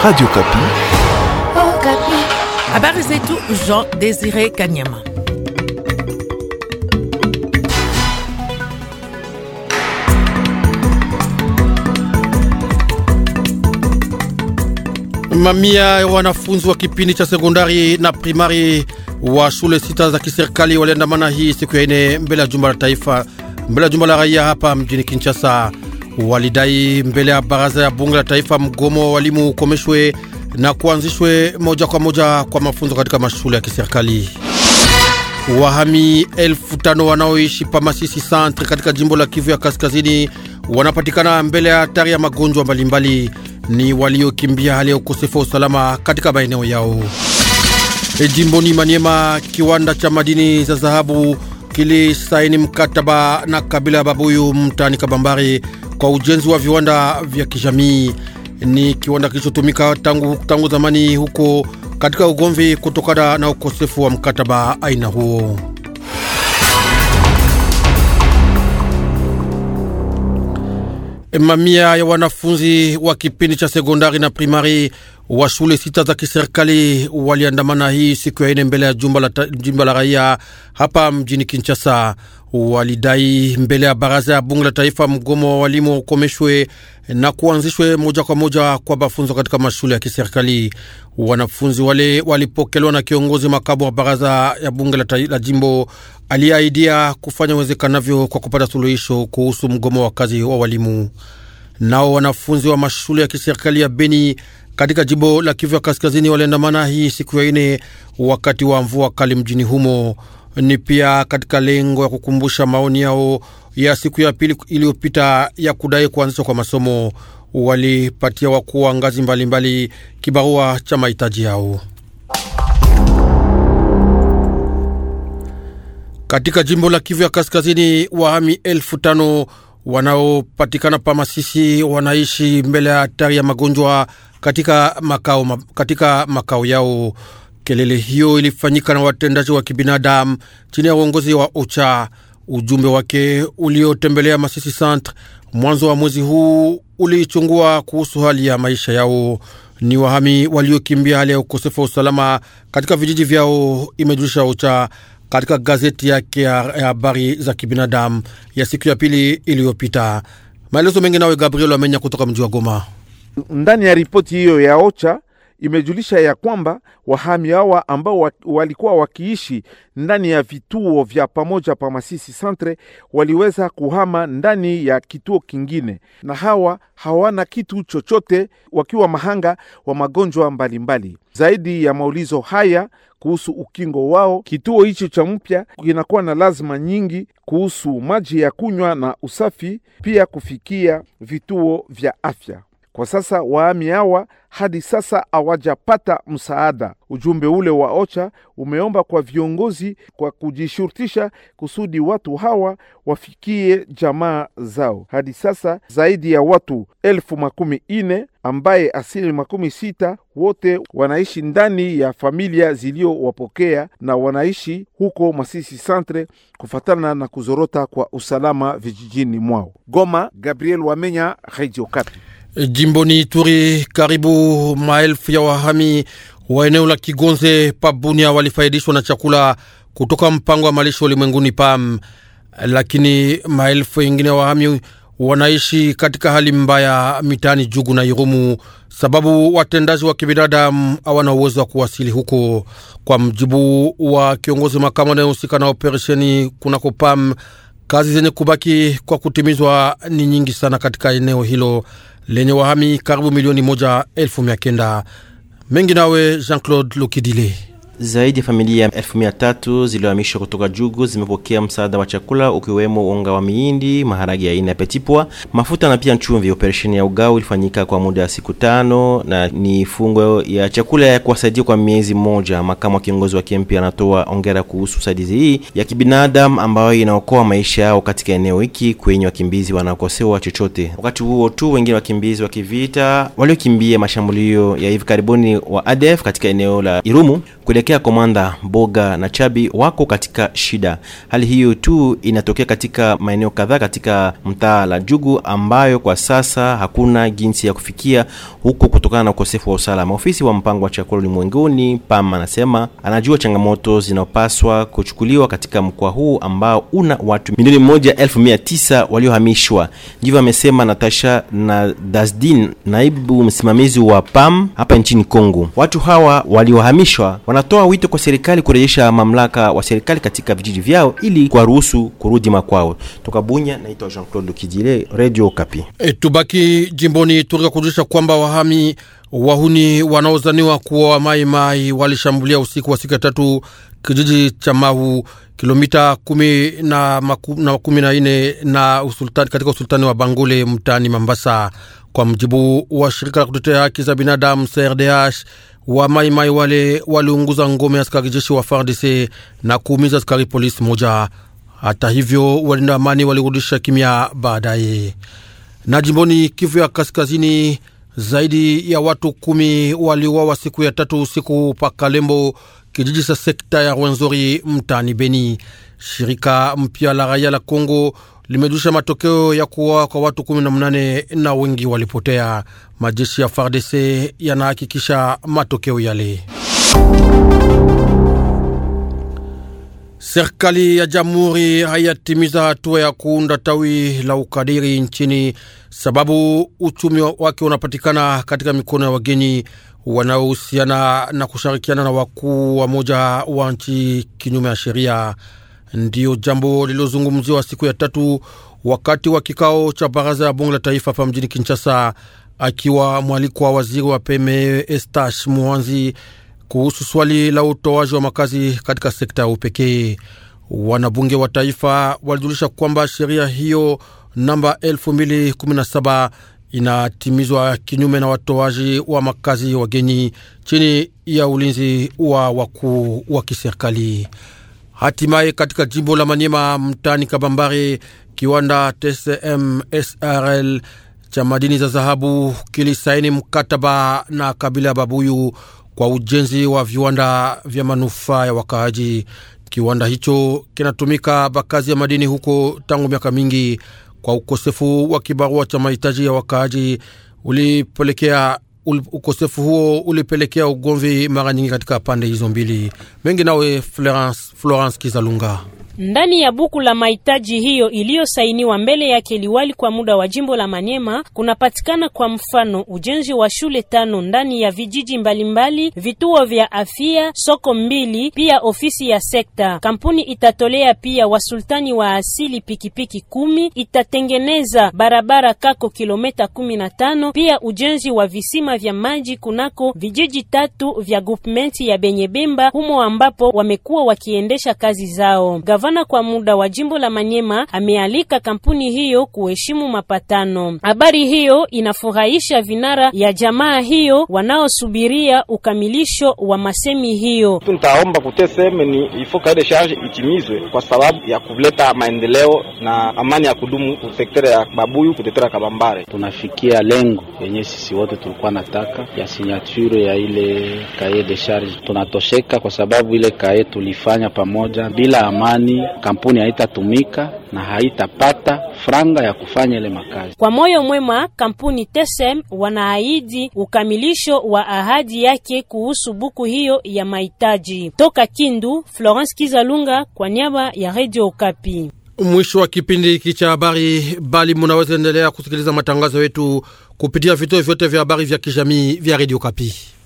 Radio Kapi. Oh, Kapi. Habari zetu Jean Desire Kanyama. Mamia ya wanafunzi wa kipindi cha sekondari na primari wa shule sita za kiserikali waliandamana hii siku ya ine mbele ya jumba la taifa, mbele ya jumba la raia hapa mjini Kinshasa walidai mbele ya baraza ya bunge la taifa mgomo wa walimu ukomeshwe na kuanzishwe moja kwa moja kwa mafunzo katika mashule ya kiserikali. Wahami elfu tano wanaoishi pa Masisi Centre katika jimbo la Kivu ya Kaskazini wanapatikana mbele ya hatari ya magonjwa mbalimbali, ni waliokimbia hali ya ukosefu wa usalama katika maeneo yao. E, jimboni Maniema, kiwanda cha madini za dhahabu kilisaini mkataba na kabila ya Babuyu mtaani Kabambari kwa ujenzi wa viwanda vya kijamii. Ni kiwanda kilichotumika tangu, tangu zamani huko katika ugomvi kutokana na ukosefu wa mkataba aina huo. Mamia ya wanafunzi wa kipindi cha sekondari na primari wa shule sita za kiserikali waliandamana hii siku ya ine mbele ya jumba la, jumba la raia hapa mjini Kinshasa. Walidai mbele ya baraza ya bunge la taifa mgomo wa walimu ukomeshwe na kuanzishwe moja kwa moja kwa mafunzo katika mashule ya kiserikali. Wanafunzi wale walipokelewa na kiongozi makabu wa baraza ya bunge la, la jimbo aliyeahidia kufanya uwezekanavyo kwa kupata suluhisho kuhusu mgomo wa kazi wa walimu. Nao wanafunzi wa mashule ya kiserikali ya Beni katika jimbo la Kivu ya Kaskazini waliandamana hii siku ya ine wakati wa mvua kali mjini humo. Ni pia katika lengo ya kukumbusha maoni yao ya siku ya pili iliyopita ya kudai kuanzishwa kwa masomo. Walipatia wakuu wa ngazi mbalimbali kibarua cha mahitaji yao. Katika jimbo la Kivu ya Kaskazini, wahami elfu tano wanaopatikana pa Masisi wanaishi mbele ya hatari ya magonjwa katika makao, katika makao yao. Kelele hiyo ilifanyika na watendaji wa kibinadamu chini ya uongozi wa OCHA. Ujumbe wake uliotembelea Masisi Centre mwanzo wa mwezi huu uliichungua kuhusu hali ya maisha yao. Ni wahami waliokimbia hali ya ukosefu wa usalama katika vijiji vyao, imejulisha OCHA katika gazeti yake ya habari za kibinadamu ya siku ya pili iliyopita. Maelezo mengi nawe Gabriel Amenya kutoka mji wa Goma. Ndani ya ripoti hiyo ya OCHA imejulisha ya kwamba wahami hawa ambao walikuwa wakiishi ndani ya vituo vya pamoja pa Masisi Centre waliweza kuhama ndani ya kituo kingine, na hawa hawana kitu chochote, wakiwa mahanga wa magonjwa mbalimbali mbali. Zaidi ya maulizo haya kuhusu ukingo wao, kituo hicho cha mpya kinakuwa na lazima nyingi kuhusu maji ya kunywa na usafi, pia kufikia vituo vya afya. Kwa sasa waami hawa hadi sasa hawajapata msaada. Ujumbe ule wa OCHA umeomba kwa viongozi kwa kujishurutisha kusudi watu hawa wafikie jamaa zao. Hadi sasa zaidi ya watu elfu makumi ine ambaye asili makumi sita wote wanaishi ndani ya familia ziliyowapokea na wanaishi huko Masisi Centre kufatana na kuzorota kwa usalama vijijini mwao. Goma, Gabriel Wamenya, Radio Okapi. Jimboni Ituri, karibu maelfu ya wahami wa eneo la Kigonze pa walifaidishwa na chakula kutoka mpango wa malisho ulimwenguni PAM, lakini maelfu yengine ya wahami wanaishi katika hali mbaya mitaani Jugu na Irumu sababu watendaji wa kibinadamu hawana uwezo wa kuwasili huko. Kwa mjibu wa kiongozi makamu anayehusika na operesheni kunako PAM, kazi zenye kubaki kwa kutimizwa ni nyingi sana katika eneo hilo lenye wahami karibu milioni moja elfu mia kenda mengi. Nawe Jean Claude Lokidile. Zaidi ya familia 1300 zilizohamishwa kutoka Jugu zimepokea msaada wa chakula ukiwemo unga wa miindi, maharage aina ya petipwa, mafuta na pia chumvi. Operesheni ya ugao ilifanyika kwa muda wa siku tano na ni fungo ya chakula ya kuwasaidia kwa miezi mmoja. Makamu wa kiongozi wa kempi anatoa ongera kuhusu usaidizi hii ya kibinadamu ambayo inaokoa maisha yao katika eneo hiki kwenye wakimbizi wanaokosewa chochote. Wakati huo tu, wengine wakimbizi wa kivita waliokimbia mashambulio ya hivi karibuni wa ADF katika eneo la Irumu kuelekea Komanda, Boga na Chabi wako katika shida. Hali hiyo tu inatokea katika maeneo kadhaa katika mtaa la Jugu ambayo kwa sasa hakuna jinsi ya kufikia huko kutokana na ukosefu wa usalama. Ofisi wa mpango wa chakula ulimwenguni PAM anasema anajua changamoto zinazopaswa kuchukuliwa katika mkoa huu ambao una watu milioni moja elfu mia tisa waliohamishwa. Ndivyo amesema Natasha na Dasdin, naibu msimamizi wa PAM hapa nchini Kongo. Watu hawa waliohamishwa wana wanatoa wito kwa serikali kurejesha mamlaka wa serikali katika vijiji vyao ili kuwaruhusu kurudi makwao. Toka Bunya, naitwa Jean Claude Kijile, Radio Kapi. E, tubaki jimboni Turia kujusha kwamba wahami wahuni wanaozaniwa kuwa wa maimai walishambulia usiku wa siku ya tatu kijiji cha Mahu, kilomita kumi na makumi na ine na usultani, katika usultani wa bangule mtaani Mambasa. Kwa mjibu wa shirika la kutetea haki za binadamu CRDH, wa maimai wale waliunguza ngome ya askari jeshi wa FARDC na kuumiza askari polisi moja. Hata hivyo, walinda amani walirudisha kimya baadaye. Na jimboni Kivu ya Kaskazini, zaidi ya watu kumi waliuawa siku ya tatu usiku pa Kalembo, kijiji cha sekta ya Rwenzori mtaani Beni. Shirika mpya la raia la Kongo limejulisha matokeo ya kuwa kwa watu 18 na wengi walipotea. Majeshi ya FARDC yanahakikisha matokeo yale. Serikali ya jamhuri haiyatimiza hatua ya kuunda tawi la ukadiri nchini, sababu uchumi wake unapatikana katika mikono ya wageni wanaohusiana na kushirikiana na wakuu wa moja wa nchi kinyume ya sheria. Ndiyo jambo lililozungumziwa siku ya tatu wakati wa kikao cha baraza ya bunge la taifa hapa mjini Kinshasa, akiwa mwalikwa waziri wa pme Estash Mwanzi kuhusu swali la utoaji wa makazi katika sekta ya upekee. Wanabunge wa taifa walijulisha kwamba sheria hiyo namba 2017 inatimizwa kinyume na watoaji wa makazi wageni chini ya ulinzi wa wakuu wa kiserikali. Hatimaye, katika jimbo la Maniema mtaani Kabambari, kiwanda TCM SRL cha madini za dhahabu kilisaini mkataba na kabila ya Babuyu kwa ujenzi wa viwanda vya manufaa ya wakaaji. Kiwanda hicho kinatumika bakazi ya madini huko tangu miaka mingi, kwa ukosefu wa kibarua cha mahitaji ya wakaaji ulipelekea ukosefu huo ulipelekea ugomvi mara nyingi katika pande hizo mbili. Mengi nawe Florence, Florence Kizalunga. Ndani ya buku la mahitaji hiyo iliyosainiwa mbele yake liwali kwa muda wa jimbo la Manyema, kunapatikana kwa mfano ujenzi wa shule tano ndani ya vijiji mbalimbali mbali, vituo vya afya, soko mbili, pia ofisi ya sekta. Kampuni itatolea pia wasultani wa asili pikipiki kumi, itatengeneza barabara kako kilometa kumi na tano, pia ujenzi wa visima vya maji kunako vijiji tatu vya gupmenti ya Benyebemba humo ambapo wamekuwa wakiendesha kazi zao Gav gavana kwa muda wa jimbo la Manyema amealika kampuni hiyo kuheshimu mapatano. Habari hiyo inafurahisha vinara ya jamaa hiyo wanaosubiria ukamilisho wa masemi hiyo. kute kuteseme ni ifo kaide charge itimizwe kwa sababu ya kuleta maendeleo na amani ya kudumu kusektere ya Babuyu kutetera Kabambare. Tunafikia lengo yenye sisi wote tulikuwa nataka ya signature ya ile kaide de charge. Tunatosheka kwa sababu ile kaide tulifanya pamoja bila amani kwani kampuni haitatumika na haitapata franga ya kufanya ile makazi. Kwa moyo mwema, kampuni Tesem wanaahidi ukamilisho wa ahadi yake kuhusu buku hiyo ya mahitaji. Toka Kindu, Florence Kizalunga kwa niaba ya Radio Okapi. Mwisho wa kipindi hiki cha habari, bali munaweza endelea kusikiliza matangazo yetu kupitia vituo vyote vya habari vya kijamii vya Radio Kapi.